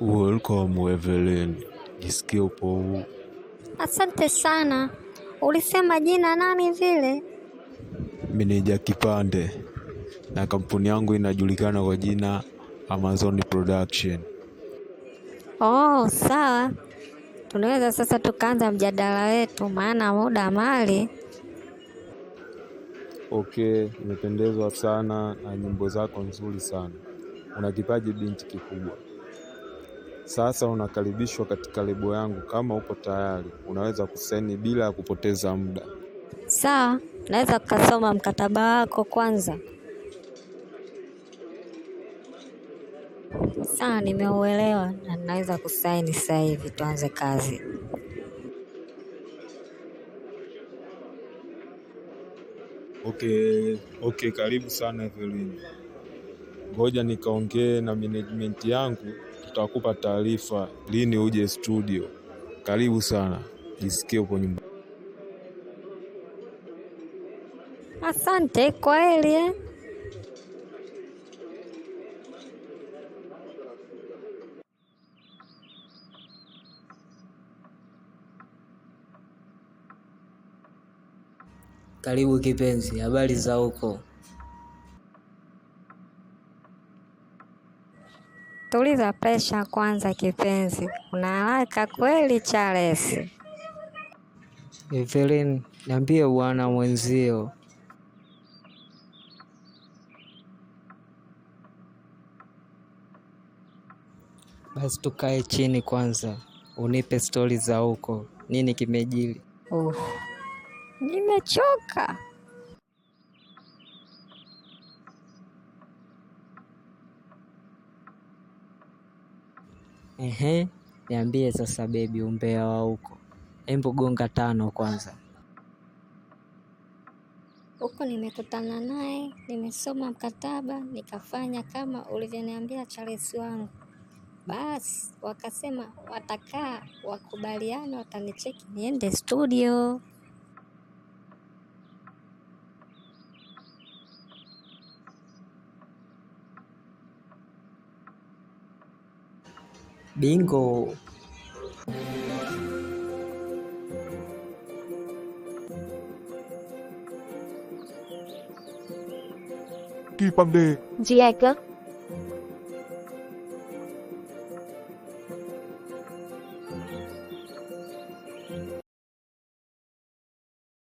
Welcome Evelyn, jisikie upo huu. Asante sana. Ulisema jina nani vile? Meneja Kipande, na kampuni yangu inajulikana kwa jina Amazon Production. Oh, sawa. Tunaweza sasa tukaanza mjadala wetu, maana muda mali. Okay, nimependezwa sana na nyimbo zako nzuri sana. Una kipaji binti kikubwa. Sasa unakaribishwa katika lebo yangu. Kama uko tayari, unaweza kusaini bila ya kupoteza muda. Sawa, naweza kusoma mkataba wako kwanza? Sawa, nimeuelewa na naweza kusaini sasa hivi. Tuanze kazi. Okay, okay, karibu sana Evelyn. Ngoja nikaongee na management yangu tutakupa taarifa lini uje studio. Karibu sana, jisikie huko nyumbani. Asante, kwa heri eh. Karibu kipenzi, habari za huko? Tuliza presha kwanza kipenzi, una haraka kweli Charles. Evelyn, niambie bwana mwenzio. Basi tukae chini kwanza, unipe stori za huko, nini kimejili? Uh, nimechoka. Ehe, niambie sasa bebi, umbea wa huko. Embo gonga tano kwanza. Huko nimekutana naye, nimesoma mkataba, nikafanya kama ulivyoniambia Charles wangu. Basi wakasema watakaa wakubaliane, watanicheki niende studio. Bingo! Kipande. Jacob.